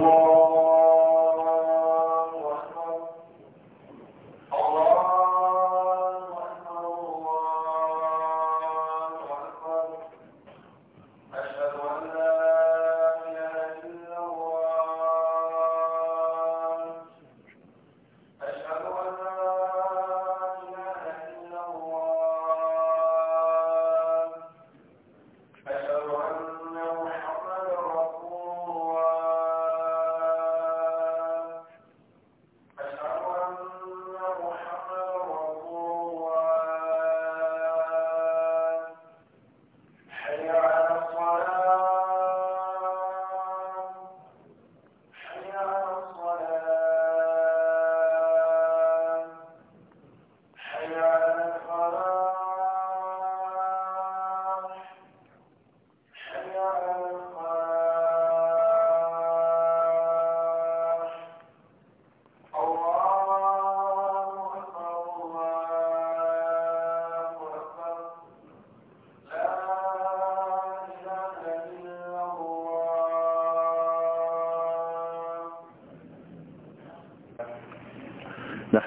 Lord.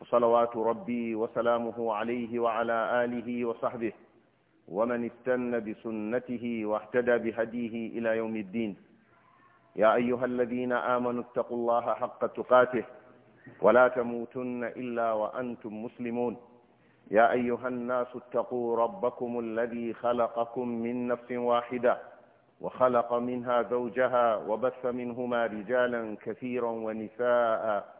وصلوات ربي وسلامه عليه وعلى آله وصحبه ومن استن بسنته واهتدى بهديه إلى يوم الدين يا أيها الذين آمنوا اتقوا الله حق تقاته ولا تموتن إلا وأنتم مسلمون يا أيها الناس اتقوا ربكم الذي خلقكم من نفس واحدة وخلق منها زوجها وبث منهما رجالا كثيرا ونساء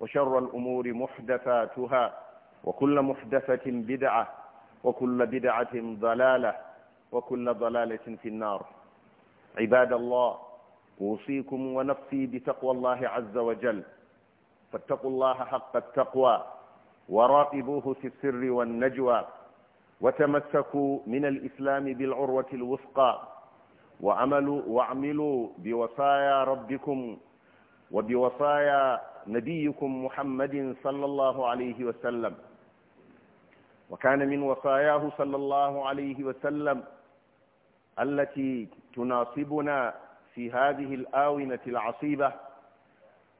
وشر الأمور محدثاتها وكل محدثة بدعة وكل بدعة ضلالة وكل ضلالة في النار عباد الله أوصيكم ونفسي بتقوى الله عز وجل فاتقوا الله حق التقوى وراقبوه في السر والنجوى وتمسكوا من الإسلام بالعروة الوثقى وعملوا, واعملوا بوصايا ربكم وبوصايا نبيكم محمد صلى الله عليه وسلم وكان من وصاياه صلى الله عليه وسلم التي تناصبنا في هذه الآونة العصيبة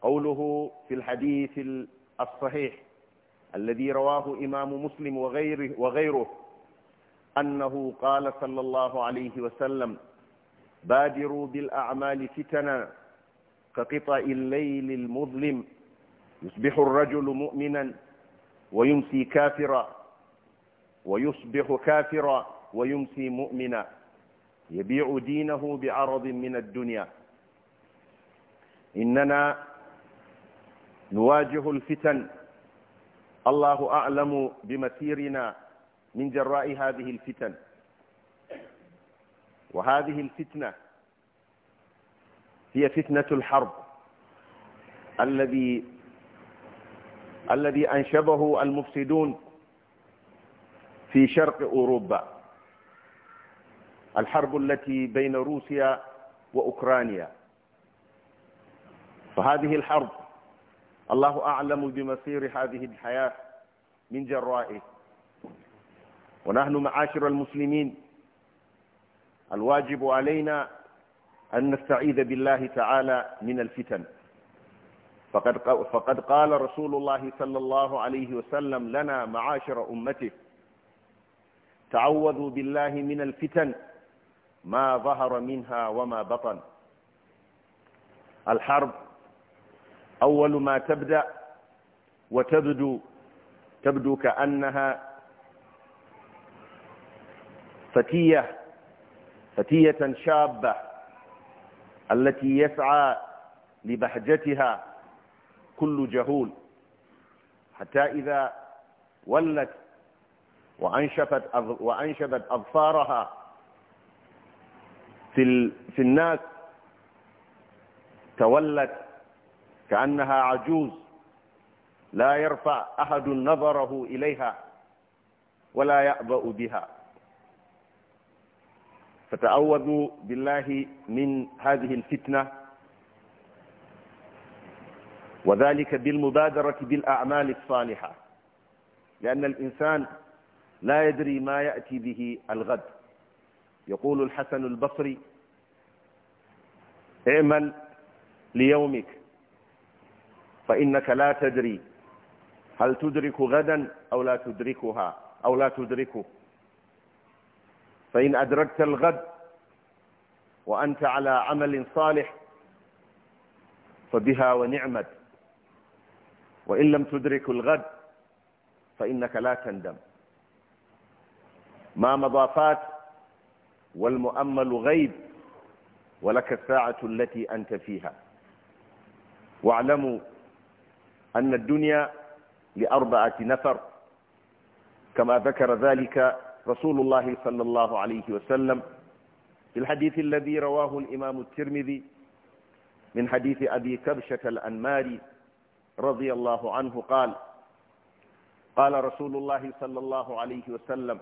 قوله في الحديث الصحيح الذي رواه إمام مسلم وغيره, وغيره أنه قال صلى الله عليه وسلم بادروا بالأعمال فتنا كقطع الليل المظلم يصبح الرجل مؤمنا ويمسي كافرا ويصبح كافرا ويمسي مؤمنا يبيع دينه بعرض من الدنيا إننا نواجه الفتن الله أعلم بمسيرنا من جراء هذه الفتن وهذه الفتنة هي فتنة الحرب الذي الذي أنشبه المفسدون في شرق أوروبا الحرب التي بين روسيا وأوكرانيا فهذه الحرب الله أعلم بمصير هذه الحياة من جرائه ونحن معاشر المسلمين الواجب علينا أن نستعيذ بالله تعالى من الفتن فقد, فقد قال رسول الله صلى الله عليه وسلم لنا معاشر أمته تعوذوا بالله من الفتن ما ظهر منها وما بطن الحرب أول ما تبدأ وتبدو تبدو كأنها فتية فتية شابة التي يسعى لبهجتها كل جهول حتى إذا ولت وأنشفت, وأنشبت أظفارها في, في الناس تولت كأنها عجوز لا يرفع أحد نظره إليها ولا يأبأ بها فتعوذوا بالله من هذه الفتنة وذلك بالمبادرة بالأعمال الصالحة لأن الإنسان لا يدري ما يأتي به الغد يقول الحسن البصري اعمل ليومك فإنك لا تدري هل تدرك غدا أو لا تدركها أو لا تدركه فإن أدركت الغد وأنت على عمل صالح فبها ونعمت وإن لم تدرك الغد فإنك لا تندم ما مضافات والمؤمل غيب ولك الساعة التي أنت فيها واعلموا أن الدنيا لأربعة نفر كما ذكر ذلك رسول الله صلى الله عليه وسلم في الحديث الذي رواه الإمام الترمذي من حديث أبي كبشة الأنماري رضي الله عنه قال قال رسول الله صلى الله عليه وسلم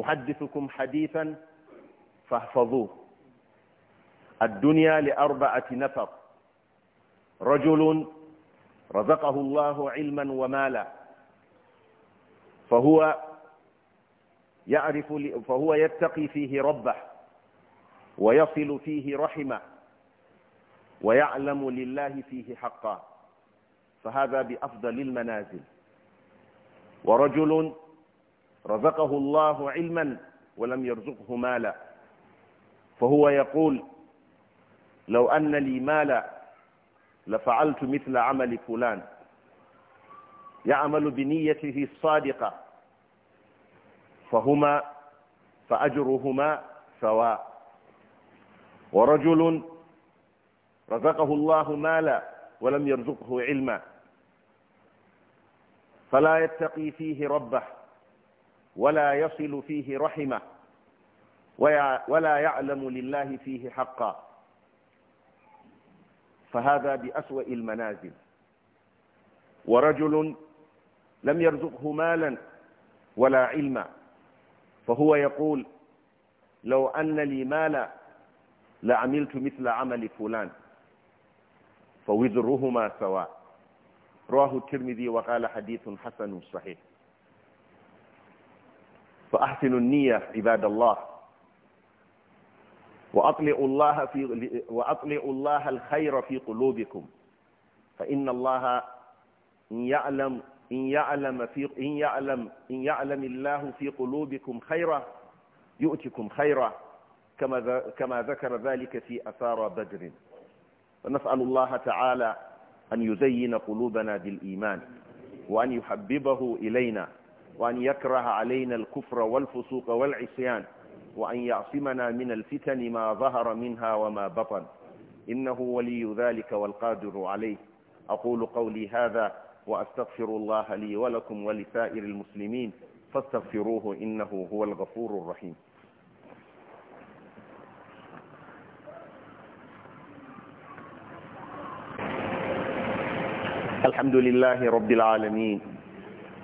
أحدثكم حديثا فاحفظوه الدنيا لأربعة نفر رجل رزقه الله علما ومالا فهو يعرف فهو يتقي فيه ربه ويصل فيه رحمه ويعلم لله فيه حقا فهذا بأفضل المنازل ورجل رزقه الله علما ولم يرزقه مالا فهو يقول لو أن لي مالا لفعلت مثل عمل فلان يعمل بنيته الصادقة فهما فأجرهما سواء ورجل رزقه الله مالا ولم يرزقه علما فلا يتقي فيه ربه ولا يصل فيه رحمه ولا يعلم لله فيه حقا فهذا بأسوأ المنازل ورجل لم يرزقه مالا ولا علما فهو يقول لو أن لي مالا لعملت مثل عمل فلان فوزرهما سواء رواه الترمذي وقال حديث حسن صحيح فأحسنوا النية عباد الله وأطلعوا الله في وأطلعوا الله الخير في قلوبكم فإن الله إن يعلم إن يعلم في إن يعلم إن يعلم الله في قلوبكم خيرا يؤتكم خيرا كما كما ذكر ذلك في أثار بدر ونسأل الله تعالى أن يزين قلوبنا بالإيمان وأن يحببه إلينا وأن يكره علينا الكفر والفسوق والعصيان وأن يعصمنا من الفتن ما ظهر منها وما بطن إنه ولي ذلك والقادر عليه أقول قولي هذا وأستغفر الله لي ولكم ولسائر المسلمين فاستغفروه إنه هو الغفور الرحيم الحمد لله رب العالمين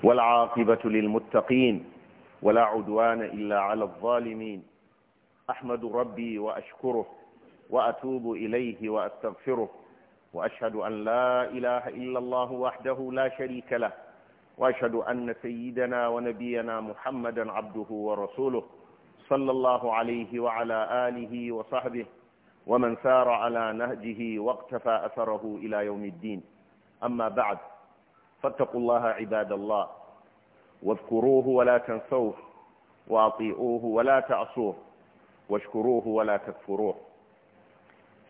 والعاقبة للمتقين ولا عدوان إلا على الظالمين أحمد ربي وأشكره وأتوب إليه وأستغفره وأشهد أن لا إله إلا الله وحده لا شريك له وأشهد أن سيدنا ونبينا محمدا عبده ورسوله صلى الله عليه وعلى آله وصحبه ومن سار على نهجه واقتفى أثره إلى يوم الدين أما بعد فاتقوا الله عباد الله واذكروه ولا تنسوه واطيئوه ولا تعصوه واشكروه ولا تكفروه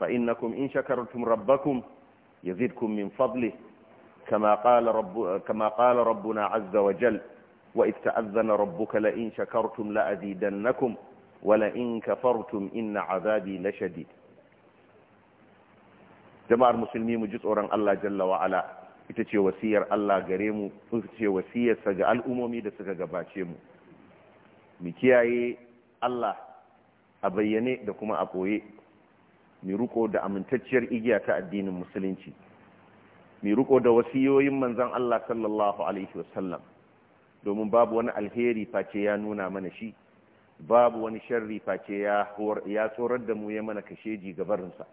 فإنكم إن شكرتم ربكم يزدكم من فضله كما قال, رب كما قال ربنا عز وجل وإذ تأذن ربك لئن شكرتم لأزيدنكم ولئن كفرتم إن عذابي لشديد jama'ar musulmi mu ji tsoron Allah jalla wa ala ita ce wasiyar Allah gare mu ita ce wasiyarsa ga al'umomi da suka gabace mu mu kiyaye Allah a bayyane da kuma a koye mu riko da amintacciyar igiya ta addinin musulunci mu riko da wasiyoyin manzon Allah sallallahu alaihi wasallam domin babu wani alheri face ya nuna mana shi babu wani sharri face ya tsorar da mu ya mana kasheji gabarinsa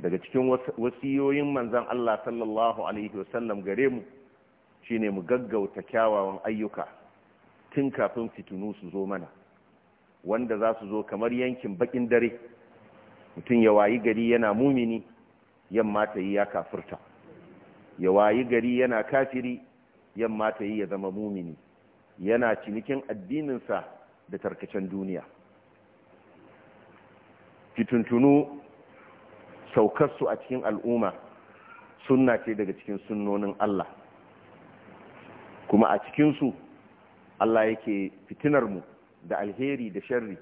daga cikin wasiyoyin manzan Allah sallallahu alaihi wasallam gare mu shine mu gaggauta kyawawan ayyuka tun kafin fitinu su zo mana wanda za su zo kamar yankin bakin dare mutum ya wayi gari yana mumini yamma ta yi ya kafirta ya wayi gari yana kafiri yamma ta yi ya zama mumini yana cinikin addininsa da tarkacen duniya fituntunu Saukar su a cikin al'umma sunna ce daga cikin sunnonin Allah kuma a cikinsu Allah yake mu da alheri da sharri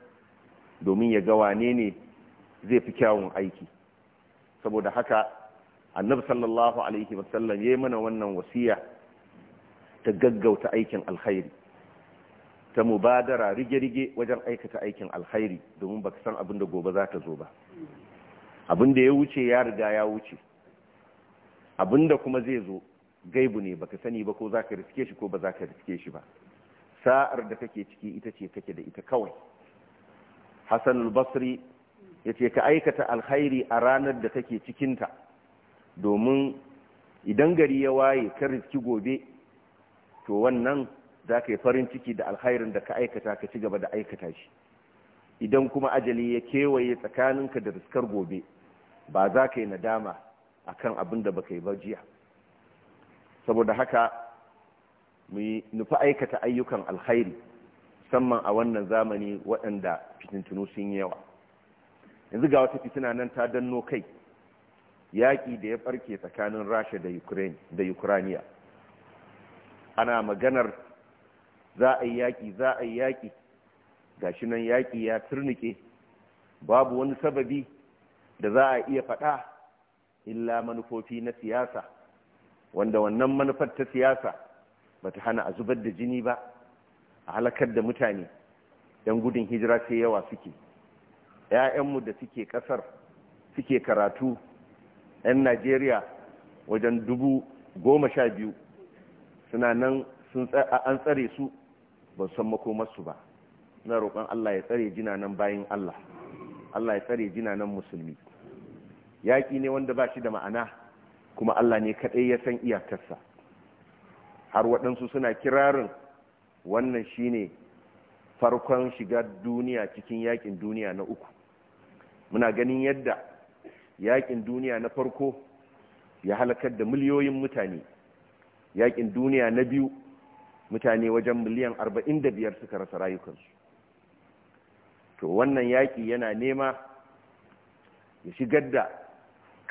domin ya ga wane ne zai fi kyawun aiki saboda haka annabi sallallahu alaihi wasallam ya yi mana wannan wasiya ta gaggauta aikin alkhairi ta mubadara rige-rige wajen aikata aikin alkhairi domin baka san abin da gobe za ta zo ba abin da ya wuce ya riga ya wuce abin da kuma zai zo gaibu ne baka sani ba ko za ka riske shi ko ba za ka riske shi ba sa'ar da kake ciki ita ce kake da ita kawai hassan al ya ce ka aikata alkhairi a ranar da kake cikinta domin idan gari ya waye ka riski gobe to wannan za ka yi farin ciki da alkhairin da ka aikata ka ci gaba da aikata shi idan kuma ajali ya kewaye tsakaninka da riskar gobe ba za ka yi nadama a kan abin da ba ka yi ba jiya saboda haka mu yi nufi aikata ayyukan alkhairi samman a wannan zamani waɗanda fitintunu sun yi yawa yanzu ga wata fitina nan ta danno kai yaƙi da ya ɓarke tsakanin rasha da ukraniya ana maganar za a yi yaƙi za a yi yaƙi Ga shi nan yaƙi ya turnike babu wani sababi da za a iya faɗa illa manufofi na siyasa wanda wannan manufar ta siyasa ba ta hana a zubar da jini ba a halakar da mutane ɗan gudun hijira sai yawa suke 'ya'yanmu da suke ƙasar suke karatu 'yan najeriya wajen dubu goma sha biyu suna nan an tsare su ba san makomarsu ba na roƙon allah ya tsare jina nan bayan allah allah ya tsare jina nan musulmi yaƙi ne wanda ba shi da ma'ana kuma Allah ne kaɗai ya san iyakarsa har waɗansu suna kirarin wannan shi ne farkon shiga duniya cikin yaƙin duniya na uku muna ganin yadda yaƙin duniya na farko ya halakar da miliyoyin mutane yaƙin duniya na biyu mutane wajen miliyan arba'in da biyar suka rasa rayukansu to wannan yaƙi yana nema ya shigar da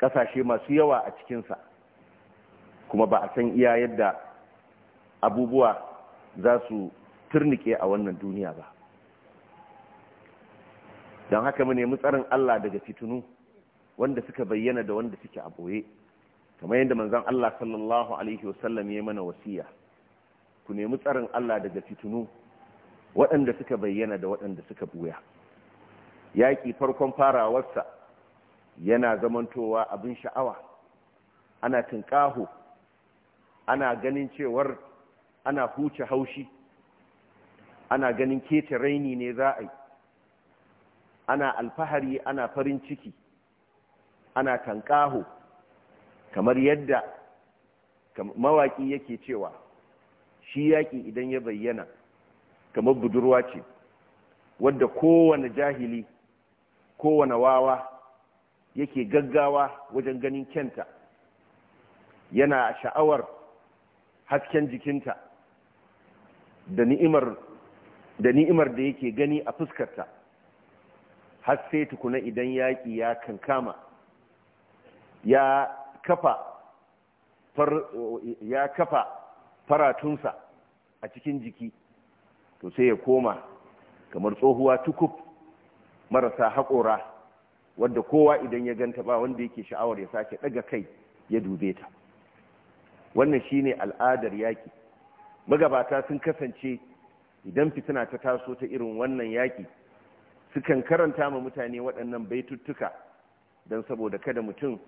ƙasashe masu yawa a cikinsa kuma ba a san iya yadda abubuwa za su turnike a wannan duniya ba don haka mu nemi tsarin Allah daga fitunu wanda suka bayyana da wanda suke a ɓoye kamar yadda manzon Allah sallallahu alaihi wasallam ya mana wasiya ku nemi tsarin Allah daga fitunu waɗanda suka bayyana da waɗanda suka buya yaƙi farkon farawarsa yana zamantowa abin sha'awa ana tinkaho ana ganin cewar ana huce haushi ana ganin kece raini ne za a yi ana alfahari ana farin ciki ana tankaho kamar yadda mawaƙi yake cewa shi yaƙi idan ya bayyana kamar budurwa ce wadda kowane jahili kowane wawa yake gaggawa wajen ganin kyanta yana sha'awar hasken jikinta da ni'imar da ni'imar da yake gani a fuskarta har sai tukuna idan yaƙi ya kankama ya kafa ya kafa faratunsa a cikin jiki to sai ya koma kamar tsohuwa tukuf marasa haƙora wadda kowa idan ya ganta ba wanda yake sha'awar ya sake daga kai ya dube ta wannan shine al'adar yaki magabata sun kasance idan fitina ta taso ta irin wannan yaki sukan karanta ma mutane waɗannan baituttuka don saboda kada mutum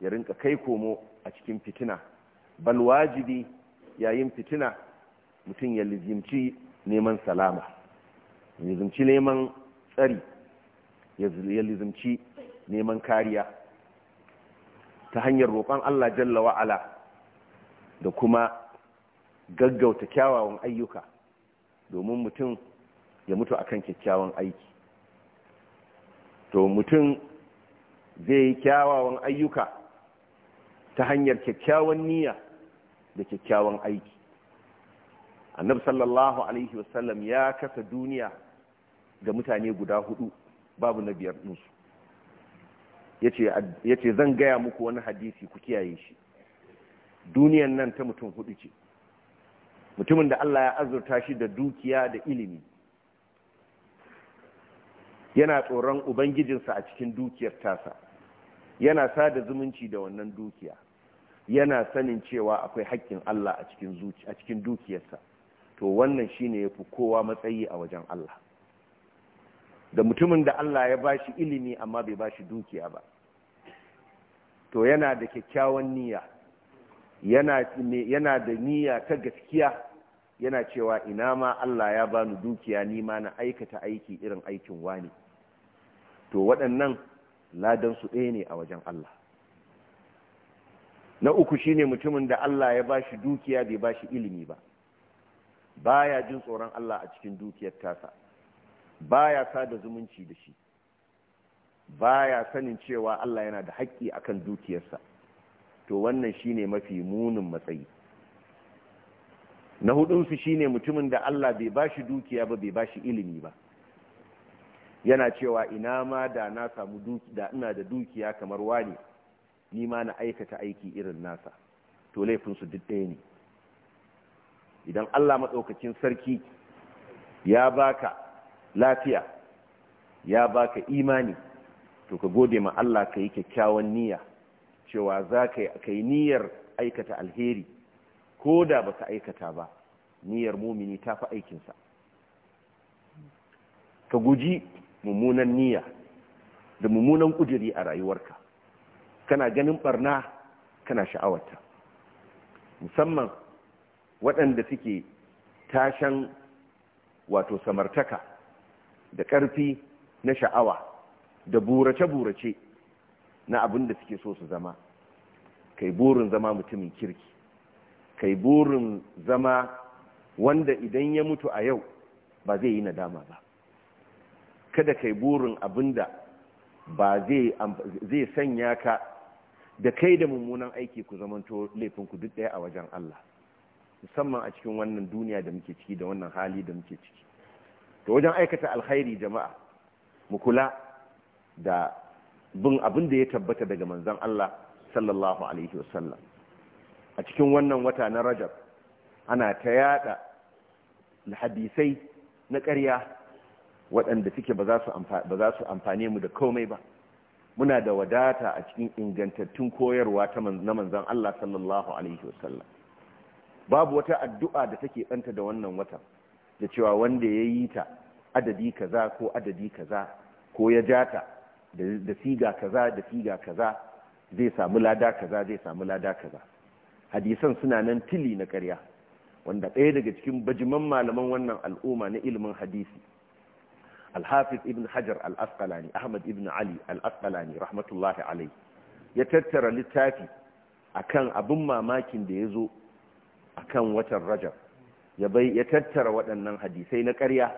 ya rinka kai komo a cikin fitina bal wajibi yayin fitina mutum ya lizimci neman salama Ya lizimci neman tsari ya lizimci neman kariya ta hanyar roƙon Allah jalla wa'ala da kuma gaggauta kyawawan ayyuka domin mutum ya mutu akan kyakkyawan aiki to mutum zai yi kyawawan ayyuka ta hanyar kyakkyawan niyya da kyakkyawan aiki annab sallallahu alaihi wasallam ya kasa duniya ga mutane guda hudu babu na biyar ɗinsu ya ce zan gaya muku wani hadisi ku kiyaye shi duniyan nan ta mutum hudu ce mutumin da Allah ya azurta shi da dukiya da ilimi yana tsoron ubangijinsa a cikin dukiyar tasa yana sada zumunci da wannan dukiya yana sanin cewa akwai haƙƙin Allah a cikin dukiyarsa to wannan shine ya fi kowa matsayi a wajen Allah da mutumin da Allah ya bashi ilimi amma bai bashi dukiya ba to yana da kyakkyawan niyya yana da niyya ta gaskiya yana cewa ina ma Allah ya bani dukiya ni ma na aikata aiki irin aikin wani to waɗannan ladan su ɗaya ne a wajen Allah na uku shine mutumin da Allah ya bashi dukiya bai bashi ilimi ba baya jin tsoron Allah a cikin dukiyar tasa baya sada zumunci da shi baya sanin cewa Allah yana da haƙƙi akan dukiyarsa to wannan shine mafi munin matsayi na hudunsu shine mutumin da Allah bai bashi dukiya ba bai bashi ilimi ba yana cewa ina ma da na samu da ina da dukiya kamar wani ni ma na aikata aiki irin nasa to laifinsu duk ɗaya ne idan Allah maɗaukacin sarki ya baka lafiya ya baka imani to ka gode ma Allah ka yi kyakkyawan niyya cewa za ka yi niyyar aikata alheri ko da ba ka aikata ba niyyar mumini ta fi aikinsa ka guji mummunan niyya da mummunan kujiri a rayuwarka kana ganin barna kana sha'awarta musamman waɗanda suke tashan wato samartaka da ƙarfi na sha'awa da burace-burace na abin da suke so su zama kai burin zama mutumin kirki kai burin zama wanda idan ya mutu a yau ba zai yi nadama ba kada kai burin abin da ba zai sanya ka da kai da mummunan aiki ku zamanto laifinku duk ɗaya a wajen Allah musamman a cikin wannan duniya da muke ciki da wannan hali da muke ciki to wajen aikata alkhairi jama'a mu kula da bin abin da ya tabbata daga manzon Allah sallallahu alaihi wasallam a cikin wannan wata na Rajab ana ta yada hadisai na karya waɗanda suke ba za su amfane mu da komai ba muna da wadata a cikin ingantattun koyarwa ta na manzon Allah sallallahu alaihi wasallam babu wata addu'a da take ɗanta da wannan watan da cewa wanda ya yi ta adadi kaza ko adadi kaza ko ya ja ta. da siga kaza da siga kaza zai samu lada kaza zai samu lada kaza hadisan suna nan tili na karya. wanda ɗaya daga cikin bajiman malaman wannan al'umma na ilimin hadisi alhafiz ibn hajar al-asqalani ahmad ibn ali al-asqalani rahmatullahi alai ya tattara littafi akan abin mamakin da ya zo akan watan rajab ya bai ya tattara waɗannan hadisai na ƙarya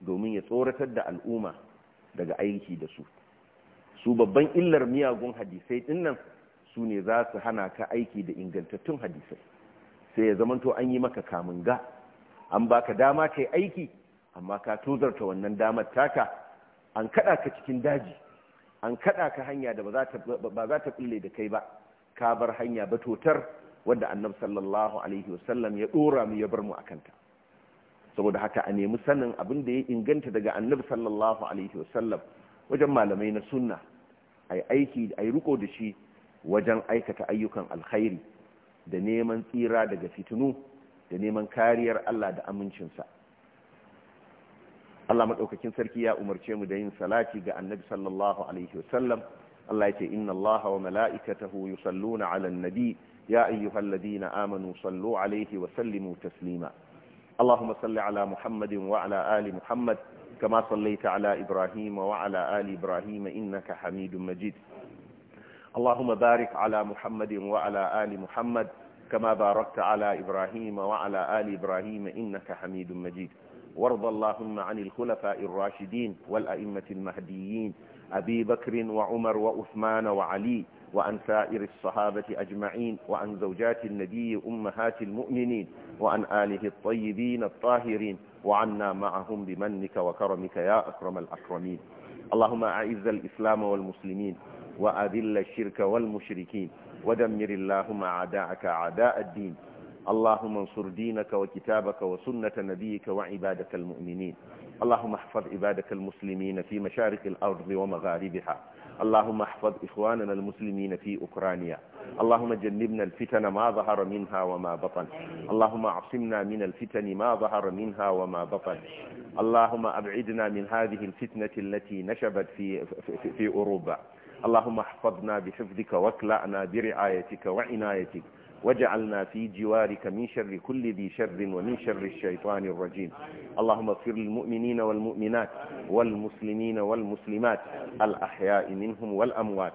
domin ya tsoratar da al'umma daga aiki da su su babban illar miyagun hadisai dinnan su ne za su hana ka aiki da ingantattun hadisai sai ya zamanto an yi maka kamun ga an baka dama kai aiki amma ka tozarta wannan damar taka an kada ka cikin daji an kada ka hanya da ba za ta kulle da kai ba ka bar hanya ba totar wadda annab sallallahu alaihi wasallam ya dora mu ya bar mu akanta saboda haka a nemi sanin abin da ya inganta daga annabi sallallahu alaihi wasallam wajen malamai na sunna a aiki a riko da shi wajen aikata ayyukan alkhairi da neman tsira daga fitinu da neman kariyar Allah da amincinsa Allah maɗaukakin sarki ya umarce mu da yin salati ga annabi sallallahu alaihi wasallam Allah ya ce inna Allah wa mala'ikatahu yusalluna 'alan nabi ya ayyuhalladhina amanu sallu 'alaihi wa sallimu taslima Allahumma salli 'ala Muhammadin wa 'ala ali Muhammad كما صليت على إبراهيم وعلى آل إبراهيم إنك حميد مجيد اللهم بارك على محمد وعلى آل محمد كما باركت على إبراهيم وعلى آل إبراهيم إنك حميد مجيد وارض اللهم عن الخلفاء الراشدين والأئمة المهديين أبي بكر وعمر وأثمان وعلي وعن سائر الصحابة أجمعين وعن زوجات النبي أمهات المؤمنين وعن آله الطيبين الطاهرين وعنا معهم بمنك وكرمك يا أكرم الأكرمين اللهم أعز الإسلام والمسلمين وأذل الشرك والمشركين ودمر اللهم أعداءك أعداء الدين اللهم انصر دينك وكتابك وسنة نبيك وعبادك المؤمنين اللهم احفظ عبادك المسلمين في مشارق الأرض ومغاربها اللهم احفظ إخواننا المسلمين في أوكرانيا اللهم جنبنا الفتن ما ظهر منها وما بطن اللهم اعصمنا من الفتن ما ظهر منها وما بطن اللهم أبعدنا من هذه الفتنة التي نشبت في, في, في أوروبا اللهم احفظنا بحفظك واكلأنا برعايتك وعنايتك واجعلنا في جوارك من شر كل ذي شر ومن شر الشيطان الرجيم اللهم اغفر للمؤمنين والمؤمنات والمسلمين والمسلمات الأحياء منهم والأموات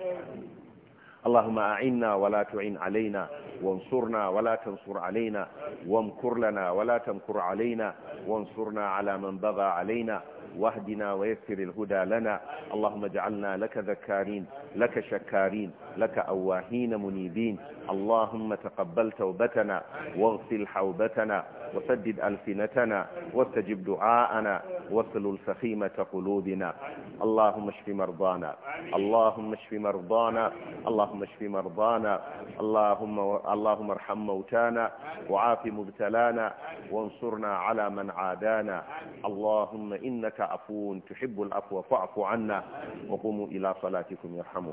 اللهم أعنا ولا تعن علينا وانصرنا ولا تنصر علينا وامكر لنا ولا تمكر علينا وانصرنا على من بغى علينا واهدنا ويسر الهدى لنا اللهم اجعلنا لك ذكارين لك شكارين لك أواهين منيبين اللهم تقبل توبتنا واغسل حوبتنا وسدد ألسنتنا واستجب دعاءنا واسلل الفخيمة قلوبنا اللهم اشف مرضانا اللهم اشف مرضانا اللهم اشف مرضانا اللهم اللهم ارحم موتانا وعاف مبتلانا وانصرنا على من عادانا اللهم إنك عفو تحب العفو فاعف عنا وقوموا إلى صلاتكم يرحمكم